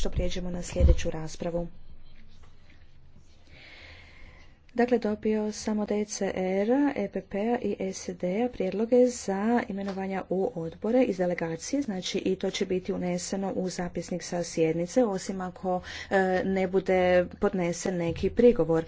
što prijeđemo na sljedeću raspravu. Dakle, dobio sam od ECR, epp i sed prijedloge za imenovanja u odbore iz delegacije, znači i to će biti uneseno u zapisnik sa sjednice, osim ako e, ne bude podnesen neki prigovor.